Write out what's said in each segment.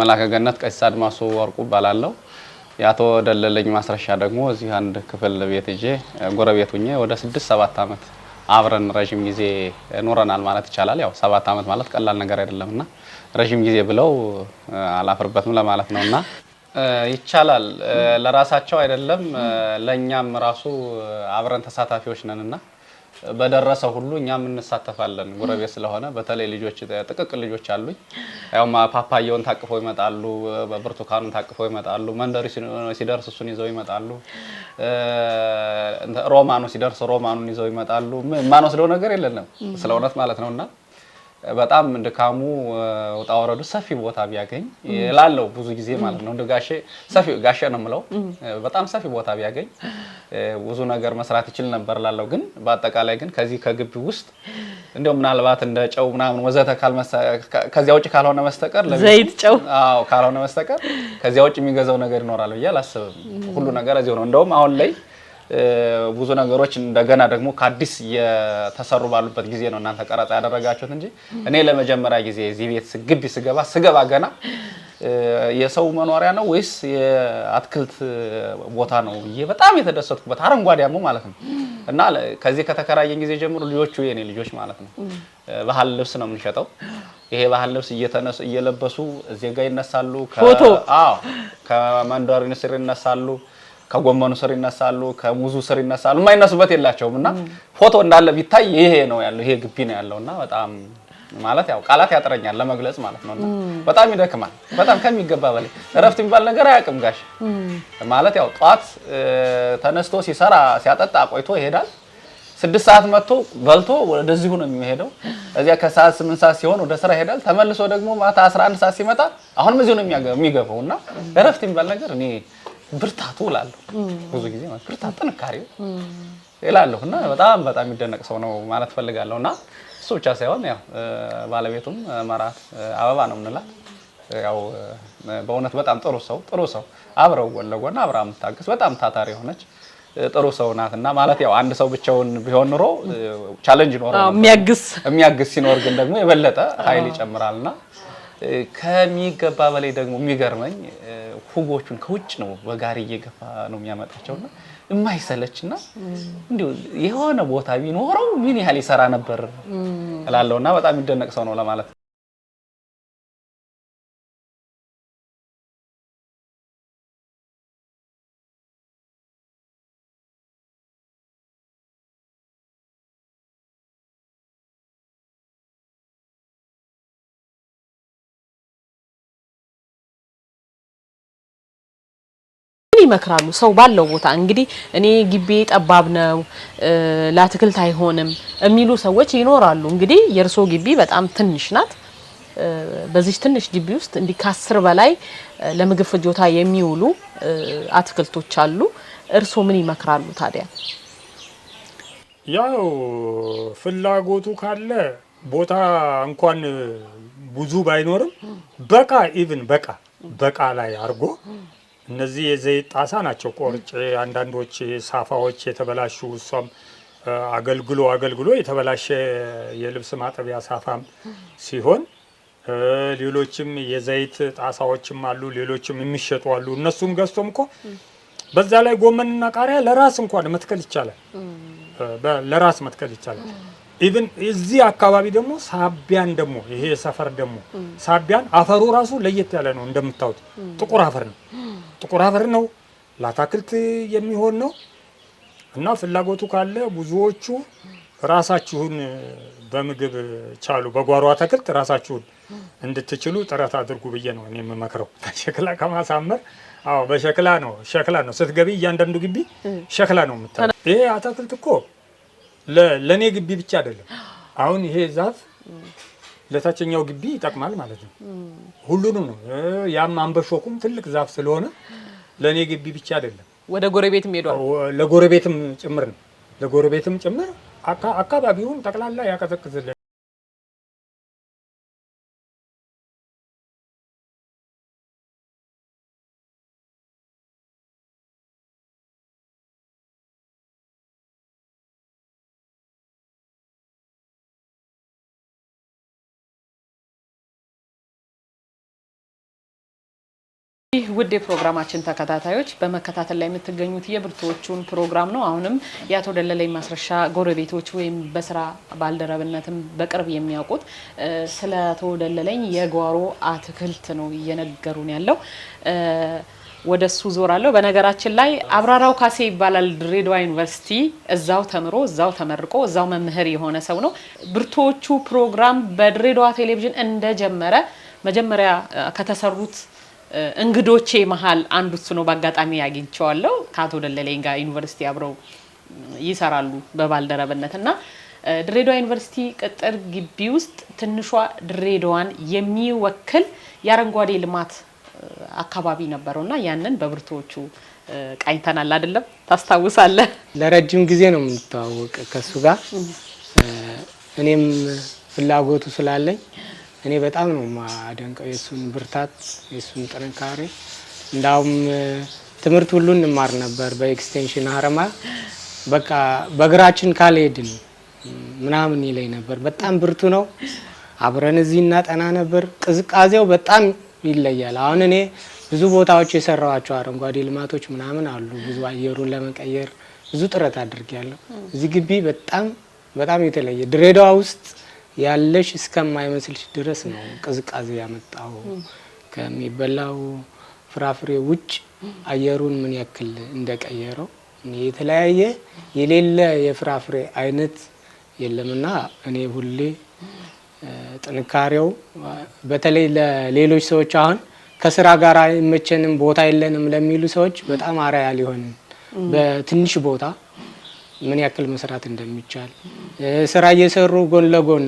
መላከ ገነት ቀሲስ አድማሱ ወርቁ እባላለሁ። የአቶ ደለለኝ ማስረሻ ደግሞ እዚህ አንድ ክፍል ቤት ይዤ ጎረቤት ሁኜ ወደ ስድስት ሰባት ዓመት አብረን ረዥም ጊዜ ኖረናል ማለት ይቻላል። ያው ሰባት ዓመት ማለት ቀላል ነገር አይደለም እና ረዥም ጊዜ ብለው አላፍርበትም ለማለት ነው እና ይቻላል ለራሳቸው አይደለም ለእኛም ራሱ አብረን ተሳታፊዎች ነን እና በደረሰ ሁሉ እኛም እንሳተፋለን። ጉረቤት ስለሆነ በተለይ ልጆች ጥቅቅ ልጆች አሉኝ። ያው ፓፓየውን ታቅፈው ይመጣሉ፣ በብርቱካኑን ታቅፈው ይመጣሉ። መንደሪ ሲደርስ እሱን ይዘው ይመጣሉ። ሮማኑ ሲደርስ ሮማኑን ይዘው ይመጣሉ። ማንወስደው ነገር የለንም ስለ እውነት ማለት ነው እና በጣም ድካሙ ውጣ ወረዱ ሰፊ ቦታ ቢያገኝ ላለው ብዙ ጊዜ ማለት ነው። እንደ ጋሼ ሰፊ ጋሼ ነው የምለው። በጣም ሰፊ ቦታ ቢያገኝ ብዙ ነገር መስራት ይችል ነበር ላለው። ግን በአጠቃላይ ግን ከዚህ ከግቢ ውስጥ እንደው ምናልባት እንደ ጨው ምናምን ወዘተ ከዚያ ውጭ ካልሆነ መስተቀር ዘይት፣ ጨው አዎ ካልሆነ መስተቀር ከዚያ ውጭ የሚገዛው ነገር ይኖራል ብዬ አላስብም። ሁሉ ነገር እዚሁ ነው። እንደውም አሁን ላይ ብዙ ነገሮች እንደገና ደግሞ ከአዲስ እየተሰሩ ባሉበት ጊዜ ነው እናንተ ቀረጻ ያደረጋችሁት እንጂ እኔ ለመጀመሪያ ጊዜ እዚህ ቤት ግቢ ስገባ ስገባ ገና የሰው መኖሪያ ነው ወይስ የአትክልት ቦታ ነው ብዬ በጣም የተደሰትኩበት አረንጓዴያሙ ማለት ነው። እና ከዚህ ከተከራየን ጊዜ ጀምሮ ልጆቹ የኔ ልጆች ማለት ነው ባህል ልብስ ነው የምንሸጠው። ይሄ ባህል ልብስ እየተነሱ እየለበሱ እዚህ ይነሳሉ። ፎቶ ከመንደር ይነሳሉ። ከጎመኑ ስር ይነሳሉ፣ ከሙዙ ስር ይነሳሉ። የማይነሱበት የላቸውም እና ፎቶ እንዳለ ቢታይ ይሄ ነው ያለው፣ ይሄ ግቢ ነው ያለው እና በጣም ማለት ያው ቃላት ያጥረኛል ለመግለጽ ማለት ነው። እና በጣም ይደክማል፣ በጣም ከሚገባ በላይ እረፍት የሚባል ነገር አያውቅም ጋሽ ማለት ያው ጠዋት ተነስቶ ሲሰራ ሲያጠጣ ቆይቶ ይሄዳል። ስድስት ሰዓት መጥቶ በልቶ ወደዚሁ ነው የሚሄደው። እዚያ ከሰዓት ስምንት ሰዓት ሲሆን ወደ ስራ ይሄዳል። ተመልሶ ደግሞ ማታ አንድ ሰዓት ሲመጣ አሁንም እዚሁ ነው የሚገባው እና እረፍት የሚባል ነገር እኔ ብርታቱ እላለሁ። ብዙ ጊዜ ብርታት፣ ጥንካሬው እላለሁ እና በጣም በጣም የሚደነቅ ሰው ነው ማለት ፈልጋለሁ። እና እሱ ብቻ ሳይሆን ያው ባለቤቱም መራት አበባ ነው የምንላት ያው በእውነት በጣም ጥሩ ሰው ጥሩ ሰው አብረው ጎን ለጎን አብራ የምታገስ በጣም ታታሪ የሆነች ጥሩ ሰው ናት እና ማለት ያው አንድ ሰው ብቻውን ቢሆን ኑሮ ቻለንጅ ይኖረው የሚያግስ ሲኖር ግን ደግሞ የበለጠ ኃይል ይጨምራልና ከሚገባ በላይ ደግሞ የሚገርመኝ ሁጎቹን ከውጭ ነው በጋሪ እየገፋ ነው የሚያመጣቸው እና የማይሰለች እና እንዲሁ የሆነ ቦታ ቢኖረው ምን ያህል ይሰራ ነበር እላለሁ እና በጣም የሚደነቅ ሰው ነው ለማለት ይመክራሉ። ሰው ባለው ቦታ እንግዲህ እኔ ግቢ ጠባብ ነው፣ ለአትክልት አይሆንም የሚሉ ሰዎች ይኖራሉ። እንግዲህ የእርሶ ግቢ በጣም ትንሽ ናት። በዚህ ትንሽ ግቢ ውስጥ እንዲህ ከአስር በላይ ለምግብ ፍጆታ የሚውሉ አትክልቶች አሉ። እርሶ ምን ይመክራሉ ታዲያ? ያው ፍላጎቱ ካለ ቦታ እንኳን ብዙ ባይኖርም በቃ ኢቭን በቃ በቃ ላይ አድርጎ እነዚህ የዘይት ጣሳ ናቸው። ቆርጬ አንዳንዶች ሳፋዎች የተበላሹ እሷም አገልግሎ አገልግሎ የተበላሸ የልብስ ማጠቢያ ሳፋም ሲሆን ሌሎችም የዘይት ጣሳዎችም አሉ። ሌሎችም የሚሸጡ አሉ። እነሱም ገዝቶም እኮ በዛ ላይ ጎመንና ቃሪያ ለራስ እንኳን መትከል ይቻላል። ለራስ መትከል ይቻላል። ኢቭን እዚህ አካባቢ ደግሞ ሳቢያን ደግሞ ይሄ ሰፈር ደግሞ ሳቢያን አፈሩ ራሱ ለየት ያለ ነው። እንደምታዩት ጥቁር አፈር ነው። ጥቁር አፈር ነው፣ ለአታክልት የሚሆን ነው እና ፍላጎቱ ካለ ብዙዎቹ ራሳችሁን በምግብ ቻሉ በጓሮ አትክልት ራሳችሁን እንድትችሉ ጥረት አድርጉ ብዬ ነው እኔ የምመክረው። ሸክላ ከማሳመር አዎ፣ በሸክላ ነው ሸክላ ነው ስትገቢ፣ እያንዳንዱ ግቢ ሸክላ ነው የምታ ይሄ አትክልት እኮ ለእኔ ግቢ ብቻ አይደለም። አሁን ይሄ ዛፍ ለታችኛው ግቢ ይጠቅማል ማለት ነው። ሁሉንም ነው። ያም አንበሾኩም ትልቅ ዛፍ ስለሆነ ለእኔ ግቢ ብቻ አይደለም፣ ወደ ጎረቤትም ሄዷል። ለጎረቤትም ጭምር ነው። ለጎረቤትም ጭምር አካባቢውን ጠቅላላ ያቀዘቅዝልናል። ይህ ውድ የፕሮግራማችን ተከታታዮች በመከታተል ላይ የምትገኙት የብርቱዎቹን ፕሮግራም ነው። አሁንም የአቶ ደለለኝ ማስረሻ ጎረቤቶች ወይም በስራ ባልደረብነትም በቅርብ የሚያውቁት ስለ አቶ ደለለኝ የጓሮ አትክልት ነው እየነገሩን ያለው። ወደ እሱ ዞራለሁ። በነገራችን ላይ አብራራው ካሴ ይባላል። ድሬዳዋ ዩኒቨርሲቲ እዛው ተምሮ እዛው ተመርቆ እዛው መምህር የሆነ ሰው ነው። ብርቱዎቹ ፕሮግራም በድሬዳዋ ቴሌቪዥን እንደጀመረ መጀመሪያ ከተሰሩት እንግዶቼ መሀል አንዱ እሱ ነው። በአጋጣሚ አግኝቼዋለሁ ከአቶ ደለለኝ ጋር ዩኒቨርሲቲ አብረው ይሰራሉ በባልደረብነት እና ድሬዳዋ ዩኒቨርሲቲ ቅጥር ግቢ ውስጥ ትንሿ ድሬዳዋን የሚወክል የአረንጓዴ ልማት አካባቢ ነበረው እና ያንን በብርቶቹ ቃኝተናል። አይደለም ታስታውሳለህ? ለረጅም ጊዜ ነው የምንተዋወቅ ከእሱ ጋር እኔም ፍላጎቱ ስላለኝ እኔ በጣም ነው ማደንቀው የእሱን ብርታት የእሱን ጥንካሬ። እንዳውም ትምህርት ሁሉ እንማር ነበር በኤክስቴንሽን ሀረማ በቃ በእግራችን ካልሄድን ምናምን ይለኝ ነበር። በጣም ብርቱ ነው። አብረን እዚህ እናጠና ነበር። ቅዝቃዜው በጣም ይለያል። አሁን እኔ ብዙ ቦታዎች የሰራዋቸው አረንጓዴ ልማቶች ምናምን አሉ። ብዙ አየሩን ለመቀየር ብዙ ጥረት አድርጌያለሁ። እዚህ ግቢ በጣም በጣም የተለየ ድሬዳዋ ውስጥ ያለሽ እስከማይመስልሽ ድረስ ነው ቅዝቃዜ ያመጣው። ከሚበላው ፍራፍሬ ውጭ አየሩን ምን ያክል እንደቀየረው የተለያየ የሌለ የፍራፍሬ አይነት የለምና እኔ ሁሌ ጥንካሬው በተለይ ለሌሎች ሰዎች አሁን ከስራ ጋር አይመቸንም ቦታ የለንም ለሚሉ ሰዎች በጣም አርአያ ሊሆን በትንሽ ቦታ ምን ያክል መስራት እንደሚቻል ስራ እየሰሩ ጎን ለጎን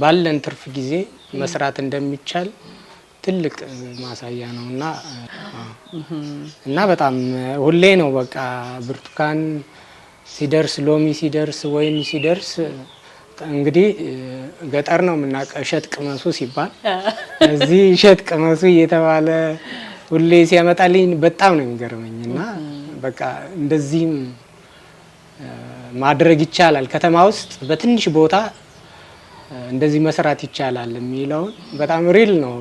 ባለን ትርፍ ጊዜ መስራት እንደሚቻል ትልቅ ማሳያ ነው እና እና በጣም ሁሌ ነው በቃ ብርቱካን ሲደርስ ሎሚ ሲደርስ ወይም ሲደርስ እንግዲህ ገጠር ነው የምናውቀው እሸት ቅመሱ ሲባል እዚህ እሸት ቅመሱ እየተባለ ሁሌ ሲያመጣልኝ በጣም ነው የሚገርመኝ እና በቃ እንደዚህም ማድረግ ይቻላል፣ ከተማ ውስጥ በትንሽ ቦታ እንደዚህ መስራት ይቻላል የሚለውን በጣም ሪል ነው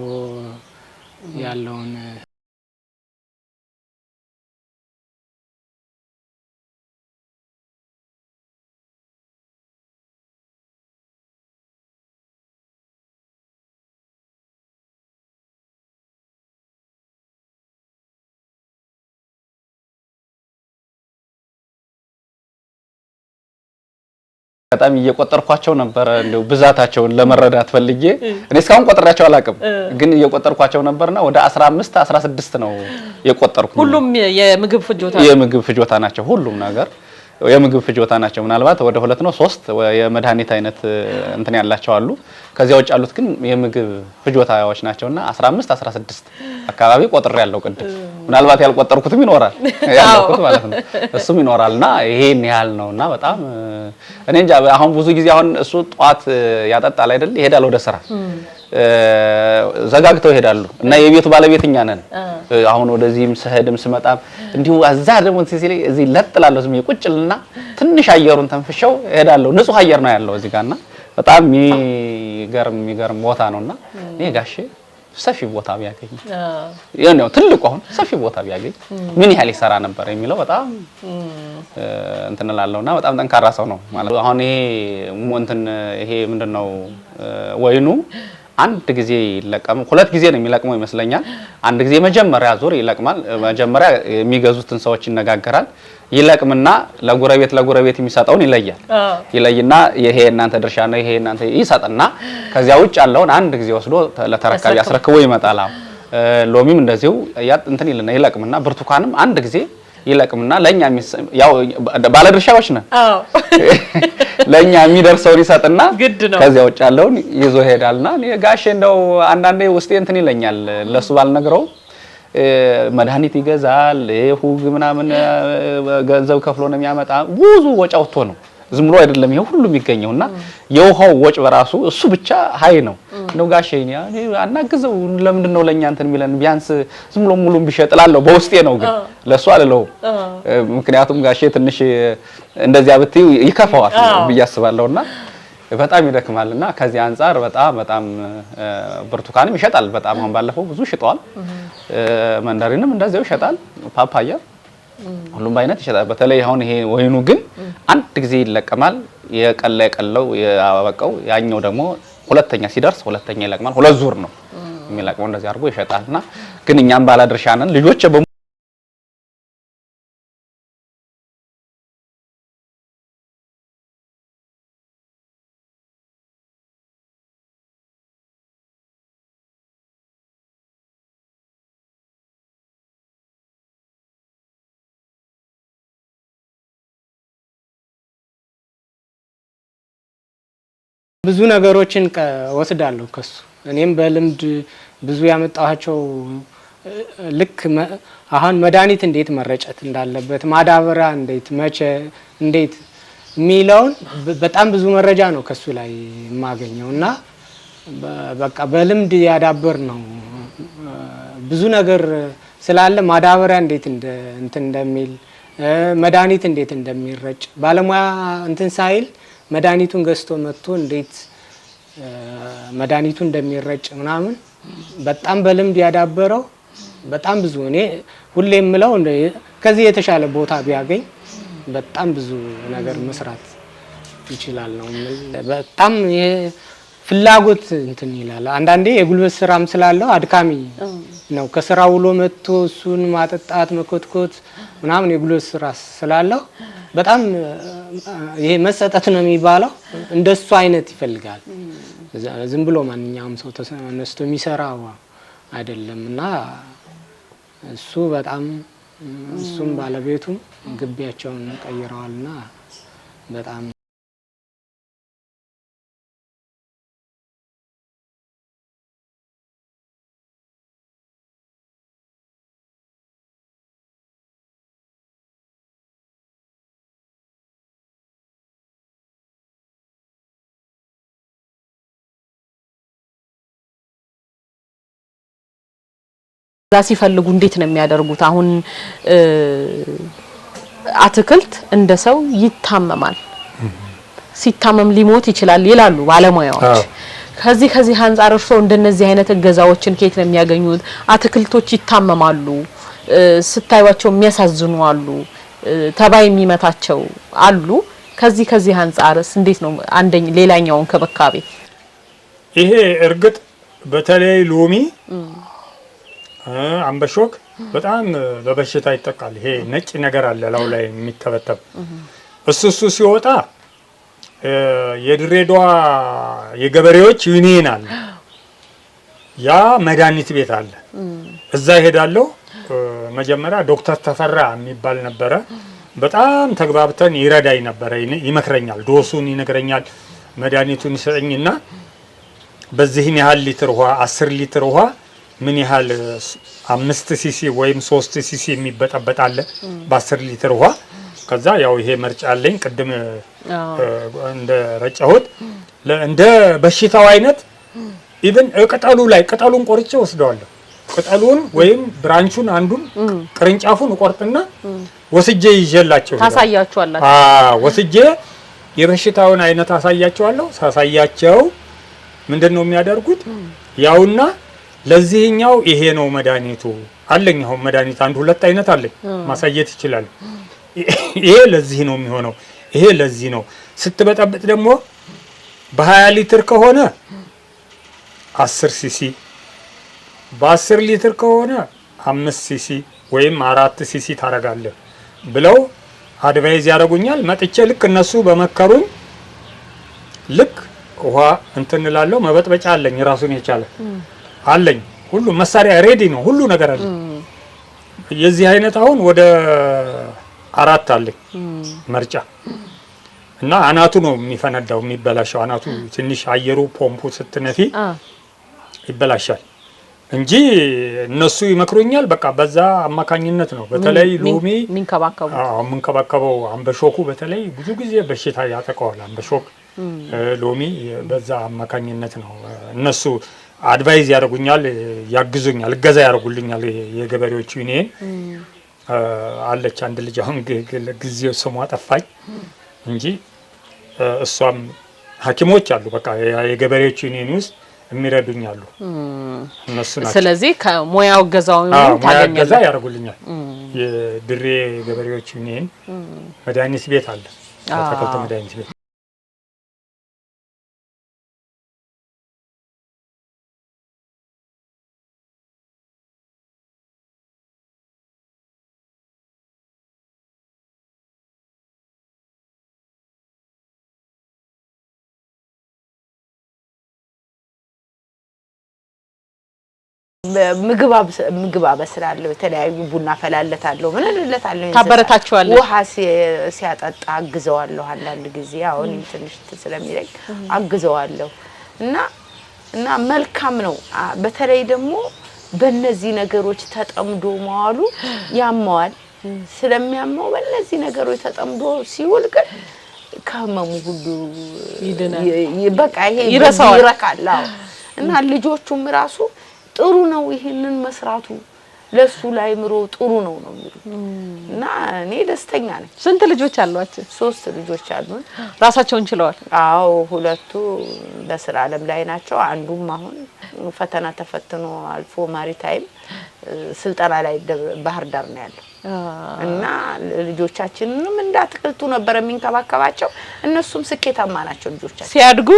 ያለውን በጣም እየቆጠርኳቸው ነበረ እንደው ብዛታቸውን ለመረዳት ፈልጌ እኔ እስካሁን ቆጥሬያቸው አላቅም ግን እየቆጠርኳቸው ነበርና ወደ 15 16 ነው የቆጠርኩት። ሁሉም የምግብ ፍጆታ የምግብ ፍጆታ ናቸው። ሁሉም ነገር የምግብ ፍጆታ ናቸው። ምናልባት ወደ ሁለት ነው ሶስት የመድኃኒት አይነት እንትን ያላቸው አሉ። ከዚያ ውጭ ያሉት ግን የምግብ ፍጆታዎች ናቸውና 15 16 አካባቢ ቆጥር ያለው ቅድም ምናልባት ያልቆጠርኩትም ይኖራል ያልኩት ማለት ነው እሱም ይኖራልና ይሄን ያህል ነው እና በጣም እኔ እንጃ። አሁን ብዙ ጊዜ አሁን እሱ ጠዋት ያጠጣል አይደል? ይሄዳል ወደ ስራ ዘጋግተው ይሄዳሉ እና የቤቱ ባለቤት እኛ ነን። አሁን ወደዚህም ስሄድም ስመጣም እንዲሁ እዛ ደግሞ ሲሲሊ እዚህ ለጥላለሁ ዝም ቁጭልና ትንሽ አየሩን ተንፍሸው ይሄዳለሁ። ንጹህ አየር ነው ያለው እዚህ ጋር ጋርና በጣም የሚገርም የሚገርም ቦታ ነውና እኔ ጋሼ ሰፊ ቦታ ቢያገኝ ያው ትልቁ አሁን ሰፊ ቦታ ቢያገኝ ምን ያህል ይሰራ ነበር የሚለው በጣም እንትን እላለሁና በጣም ጠንካራ ሰው ነው ማለት አሁን ይሄ እንትን ይሄ ምንድን ነው ወይኑ አንድ ጊዜ ይለቀም ሁለት ጊዜ ነው የሚለቅመው ይመስለኛል። አንድ ጊዜ መጀመሪያ ዙር ይለቅማል። መጀመሪያ የሚገዙትን ሰዎች ይነጋገራል። ይለቅምና ለጎረቤት ለጎረቤት የሚሰጠውን ይለያል። ይለይና ይሄ እናንተ ድርሻ ነው ይሄ እናንተ ይሰጥና ከዚያ ውጭ ያለውን አንድ ጊዜ ወስዶ ለተረካቢ አስረክቦ ይመጣል። ሎሚም እንደዚሁ ያ እንትን ይልና ይለቅምና ብርቱካንም አንድ ጊዜ ይለቅምና ለኛ ያው ባለድርሻዎች ነን። አዎ ለኛ የሚደርሰውን ይሰጥና ከዚያ ውጭ ያለውን ይዞ ይሄዳልና ጋሼ እንደው አንዳንዴ ውስጤ እንትን ይለኛል። ለሱ ባልነግረው መድኃኒት ይገዛል፣ ሁግ ምናምን ገንዘብ ከፍሎ ነው የሚያመጣ። ብዙ ወጪ አውጥቶ ነው ዝም ብሎ አይደለም ይሄ ሁሉ የሚገኘውና የውሃው ወጭ በራሱ እሱ ብቻ ሀይ ነው ነው ጋሼ አናግዘው ለምንድን ነው ለእኛ እንትን የሚለን ቢያንስ ዝም ብሎ ሙሉን ቢሸጥ እላለሁ። በውስጤ ነው ግን ለእሱ አልለውም። ምክንያቱም ጋሼ ትንሽ እንደዚያ ብትዩ ይከፋዋል ብዬ አስባለሁ እና በጣም ይደክማል እና ከዚህ አንጻር በጣም በጣም ብርቱካንም ይሸጣል። በጣም አሁን ባለፈው ብዙ ሽጠዋል። መንደሪንም እንደዚያው ይሸጣል። ፓፓያ ሁሉም አይነት ይሸጣል። በተለይ አሁን ይሄ ወይኑ ግን አንድ ጊዜ ይለቀማል። የቀላ የቀለው ያበቀው ያኛው ደግሞ ሁለተኛ ሲደርስ ሁለተኛ ይለቅማል። ሁለት ዙር ነው የሚለቅመው። እንደዚህ አድርጎ ይሸጣልና ግን እኛም ባለድርሻ ነን ልጆች ብዙ ነገሮችን ወስዳለሁ ከሱ። እኔም በልምድ ብዙ ያመጣኋቸው ልክ አሁን መድኃኒት እንዴት መረጨት እንዳለበት፣ ማዳበሪያ እንዴት መቼ እንዴት የሚለውን በጣም ብዙ መረጃ ነው ከሱ ላይ የማገኘው እና በቃ በልምድ ያዳበር ነው ብዙ ነገር ስላለ ማዳበሪያ እንዴት እንትን እንደሚል መድኃኒት እንዴት እንደሚረጭ ባለሙያ እንትን ሳይል መድኃኒቱን ገዝቶ መጥቶ እንዴት መድኃኒቱ እንደሚረጭ ምናምን በጣም በልምድ ያዳበረው በጣም ብዙ እኔ ሁሌ የምለው ከዚህ የተሻለ ቦታ ቢያገኝ በጣም ብዙ ነገር መስራት ይችላል ነው። በጣም ፍላጎት እንትን ይላል። አንዳንዴ የጉልበት ስራም ስላለው አድካሚ ነው። ከስራ ውሎ መጥቶ እሱን ማጠጣት መኮትኮት ምናምን የጉልበት ስራ ስላለው በጣም ይሄ መሰጠት ነው የሚባለው። እንደሱ አይነት ይፈልጋል። ዝም ብሎ ማንኛውም ሰው ተነስቶ የሚሰራው አይደለም እና እሱ በጣም እሱም ባለቤቱም ግቢያቸውን ቀይረዋልና በጣም እዛ ሲፈልጉ እንዴት ነው የሚያደርጉት? አሁን አትክልት እንደ ሰው ይታመማል፣ ሲታመም ሊሞት ይችላል ይላሉ ባለሙያዎች። ከዚህ ከዚህ አንጻር እርሶ እንደነዚህ አይነት እገዛዎችን ከየት ነው የሚያገኙት? አትክልቶች ይታመማሉ፣ ስታዩቸው የሚያሳዝኑ አሉ፣ ተባይ የሚመታቸው አሉ። ከዚህ ከዚህ አንጻርስ እንዴት ነው አንደኝ ሌላኛው እንክብካቤ? ይሄ እርግጥ በተለይ ሎሚ አንበሾክ በጣም በበሽታ ይጠቃል። ይሄ ነጭ ነገር አለ ላው ላይ የሚተበተብ እሱ እሱ ሲወጣ የድሬዳዋ የገበሬዎች ዩኒየን አለ፣ ያ መድኃኒት ቤት አለ። እዛ ይሄዳለሁ። መጀመሪያ ዶክተር ተፈራ የሚባል ነበረ። በጣም ተግባብተን ይረዳኝ ነበረ፣ ይመክረኛል፣ ዶሱን ይነግረኛል፣ መድኃኒቱን ይሰጠኝና በዚህን ያህል ሊትር ውሃ አስር ሊትር ውሃ ምን ያህል አምስት ሲሲ ወይም ሶስት ሲሲ የሚበጠበጥ አለ በአስር ሊትር ውሃ። ከዛ ያው ይሄ መርጫ አለኝ ቅድም እንደ ረጨሁት እንደ በሽታው አይነት ኢቭን ቅጠሉ ላይ ቅጠሉን ቆርጬ ወስደዋለሁ። ቅጠሉን ወይም ብራንቹን አንዱን ቅርንጫፉን እቆርጥና ወስጄ ይዤላቸው ታሳያቸዋለሁ። ወስጄ የበሽታውን አይነት አሳያቸዋለሁ። ሳሳያቸው ምንድን ነው የሚያደርጉት ያውና ለዚህኛው ይሄ ነው መድኃኒቱ አለኝ። አሁን አንድ ሁለት አይነት አለ ማሳየት ይችላል። ይሄ ለዚህ ነው የሚሆነው፣ ይሄ ለዚህ ነው ስትበጠብጥ ደግሞ በ20 ሊትር ከሆነ 10 ሲሲ በ10 ሊትር ከሆነ 5 ሲሲ ወይም አራት ሲሲ ታደርጋለህ ብለው አድቫይዝ ያደርጉኛል። መጥቼ ልክ እነሱ በመከሩኝ ልክ ውሃ እንትን መበጥበጫ አለኝ ራሱን የቻለ አለኝ። ሁሉ መሳሪያ ሬዲ ነው፣ ሁሉ ነገር አለ። የዚህ አይነት አሁን ወደ አራት አለኝ መርጫ እና አናቱ ነው የሚፈነዳው የሚበላሸው። አናቱ ትንሽ አየሩ ፖምፑ ስትነፊ ይበላሻል እንጂ እነሱ ይመክሩኛል። በቃ በዛ አማካኝነት ነው። በተለይ ሎሚ የምንከባከበው አንበሾኩ በተለይ ብዙ ጊዜ በሽታ ያጠቀዋል። አንበሾክ ሎሚ በዛ አማካኝነት ነው እነሱ አድቫይዝ ያደርጉኛል፣ ያግዙኛል፣ እገዛ ያደርጉልኛል የገበሬዎቹ ዩኒየን አለች። አንድ ልጅ አሁን ጊዜው ስሟ ጠፋኝ እንጂ እሷም ሐኪሞች አሉ በቃ የገበሬዎቹ ዩኒየን ውስጥ የሚረዱኛሉ እነሱ ናቸው። ስለዚህ ከሙያው እገዛው እገዛ ያደርጉልኛል። የድሬ ገበሬዎች ዩኒየን መድኃኒት ቤት አለ፣ ተከልተ መድኃኒት ቤት ምግብ አበስላለሁ፣ የተለያዩ ቡና ፈላለታለሁ፣ ምን እልለታለሁ፣ ታበረታቸዋለሁ፣ ውሃ ሲያጠጣ አግዘዋለሁ። አንዳንድ ጊዜ አሁን ትንሽ ስለሚለኝ አግዘዋለሁ እና እና መልካም ነው። በተለይ ደግሞ በእነዚህ ነገሮች ተጠምዶ መዋሉ ያመዋል። ስለሚያመው በእነዚህ ነገሮች ተጠምዶ ሲውል ግን ከህመሙ ሁሉ በቃ ይሄ ይረሳዋል፣ ይረካል እና ልጆቹም ራሱ ጥሩ ነው ይሄንን መስራቱ ለሱ ላይ ምሮ ጥሩ ነው ነው የሚሉ እና እኔ ደስተኛ ነኝ። ስንት ልጆች አሏቸው? ሶስት ልጆች አሉ። ራሳቸውን ችለዋል? አዎ፣ ሁለቱ በስራ አለም ላይ ናቸው። አንዱም አሁን ፈተና ተፈትኖ አልፎ ማሪታይም ስልጠና ላይ ባህር ዳር ነው ያለው እና ልጆቻችንንም እንደ አትክልቱ ነበር የሚንከባከባቸው። እነሱም ስኬታማ ናቸው። ልጆቻችን ሲያድጉ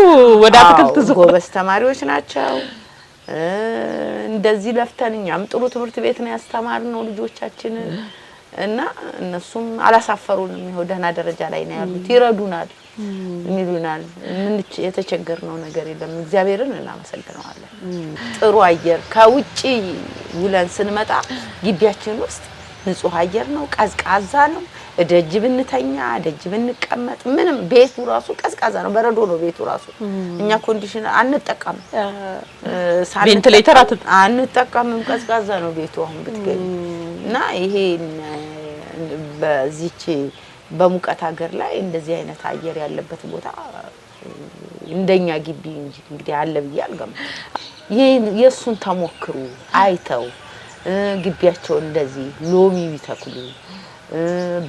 ወደ አትክልት ጎበዝ ተማሪዎች ናቸው። እንደዚህ ለፍተን እኛም ጥሩ ትምህርት ቤት ነው ያስተማርነው ልጆቻችን እና እነሱም አላሳፈሩንም። ይኸው ደህና ደረጃ ላይ ነው ያሉት። ይረዱናል፣ ይሉናል። የተቸገርነው ነገር የለም። እግዚአብሔርን እናመሰግነዋለን። ጥሩ አየር ከውጭ ውለን ስንመጣ ግቢያችን ውስጥ ንጹህ አየር ነው፣ ቀዝቃዛ ነው። እደጅ ብንተኛ እደጅ ብንቀመጥ ምንም ቤቱ ራሱ ቀዝቃዛ ነው። በረዶ ነው ቤቱ ራሱ። እኛ ኮንዲሽን አንጠቀምም፣ ቬንትሌተር አንጠቀምም። ቀዝቃዛ ነው ቤቱ አሁን ብትገኝ እና ይሄ በዚች በሙቀት ሀገር ላይ እንደዚህ አይነት አየር ያለበት ቦታ እንደኛ ግቢ እንጂ እንግዲህ አለ ብዬ አልገምትም። የእሱን ተሞክሩ አይተው ግቢያቸውን እንደዚህ ሎሚ ቢተክሉ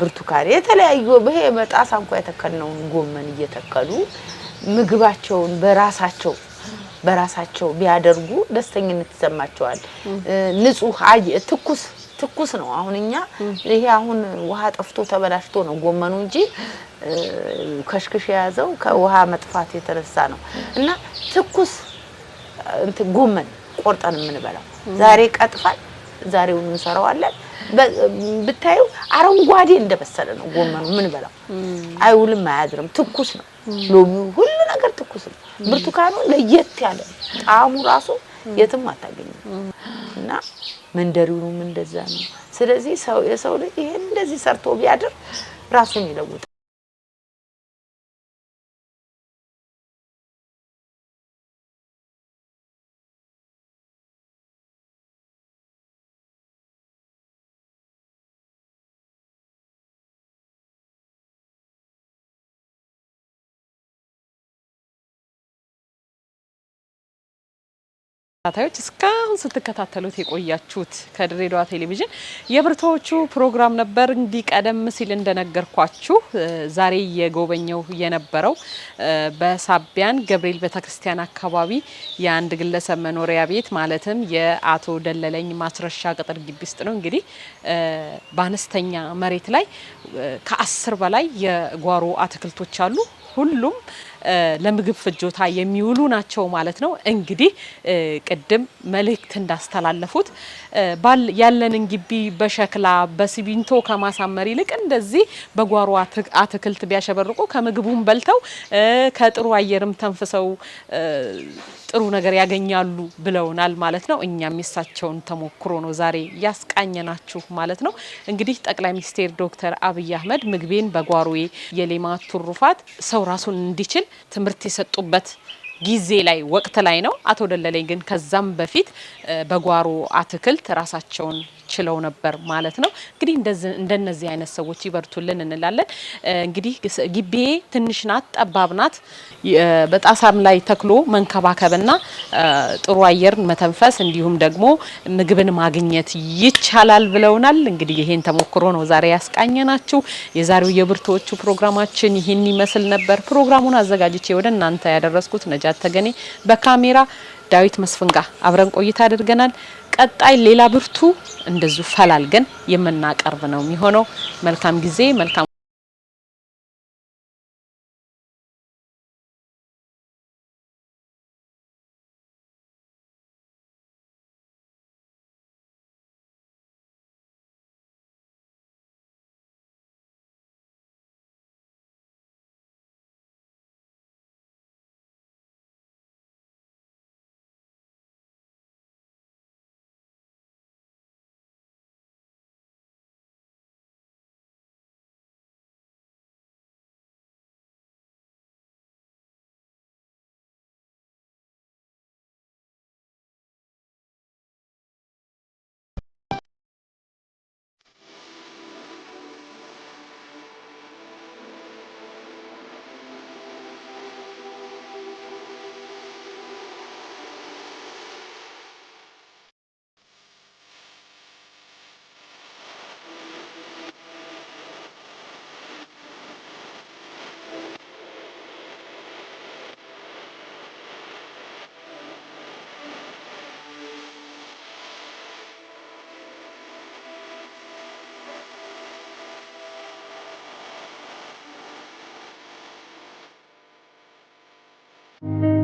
ብርቱካን፣ የተለያዩ ይሄ በጣሳ እንኳ የተከልነውን ጎመን እየተከሉ ምግባቸውን በራሳቸው በራሳቸው ቢያደርጉ ደስተኝነት ይሰማቸዋል። ንጹህ አየ ትኩስ ትኩስ ነው። አሁን እኛ ይሄ አሁን ውሃ ጠፍቶ ተበላሽቶ ነው ጎመኑ እንጂ ከሽክሽ የያዘው ከውሃ መጥፋት የተነሳ ነው እና ትኩስ እንትን ጎመን ቆርጠን የምንበላው ዛሬ ቀጥፋል፣ ዛሬውን እንሰራዋለን። ብታየው አረንጓዴ እንደበሰለ ነው ጎመኑ። ምን በላው አይውልም አያድርም። ትኩስ ነው ሎሚው፣ ሁሉ ነገር ትኩስ ነው። ብርቱካኑ ለየት ያለ ጣዕሙ ራሱ የትም አታገኝም። እና መንደሪውም እንደዛ ነው። ስለዚህ ሰው የሰው ልጅ ይሄን እንደዚህ ሰርቶ ቢያድር ራሱን ይለውጣል። ተከታታዮች እስካሁን ስትከታተሉት የቆያችሁት ከድሬዳዋ ቴሌቪዥን የብርቶቹ ፕሮግራም ነበር። እንዲህ ቀደም ሲል እንደነገርኳችሁ ዛሬ የጎበኘው የነበረው በሳቢያን ገብርኤል ቤተክርስቲያን አካባቢ የአንድ ግለሰብ መኖሪያ ቤት ማለትም የአቶ ደለለኝ ማስረሻ ቅጥር ግቢ ውስጥ ነው። እንግዲህ በአነስተኛ መሬት ላይ ከአስር በላይ የጓሮ አትክልቶች አሉ ሁሉም ለምግብ ፍጆታ የሚውሉ ናቸው ማለት ነው። እንግዲህ ቅድም መልእክት እንዳስተላለፉት ያለንን ግቢ በሸክላ በሲሚንቶ ከማሳመር ይልቅ እንደዚህ በጓሮ አትክልት ቢያሸበርቁ ከምግቡም በልተው ከጥሩ አየርም ተንፍሰው ጥሩ ነገር ያገኛሉ ብለውናል ማለት ነው። እኛም የሳቸውን ተሞክሮ ነው ዛሬ ያስቃኘናችሁ ማለት ነው። እንግዲህ ጠቅላይ ሚኒስትር ዶክተር አብይ አህመድ ምግቤን በጓሮዬ የሌማት ትሩፋት ሰው ራሱን እንዲችል ትምህርት የሰጡበት ጊዜ ላይ ወቅት ላይ ነው። አቶ ደለለኝ ግን ከዛም በፊት በጓሮ አትክልት ራሳቸውን ችለው ነበር ማለት ነው። እንግዲህ እንደነዚህ አይነት ሰዎች ይበርቱልን እንላለን። እንግዲህ ግቤ ትንሽ ናት፣ ጠባብ ናት። በጣሳም ላይ ተክሎ መንከባከብና ጥሩ አየር መተንፈስ እንዲሁም ደግሞ ምግብን ማግኘት ይቻላል ብለውናል። እንግዲህ ይሄን ተሞክሮ ነው ዛሬ ያስቃኘ ናችሁ። የዛሬው የብርቶቹ ፕሮግራማችን ይህን ይመስል ነበር። ፕሮግራሙን አዘጋጅቼ ወደ እናንተ ያደረስኩት ነጃት ተገኔ፣ በካሜራ ዳዊት መስፍንጋ አብረን ቆይታ አድርገናል። ቀጣይ ሌላ ብርቱ እንደዚሁ ፈላልገን የምናቀርብ ነው የሚሆነው። መልካም ጊዜ መልካም Thank you.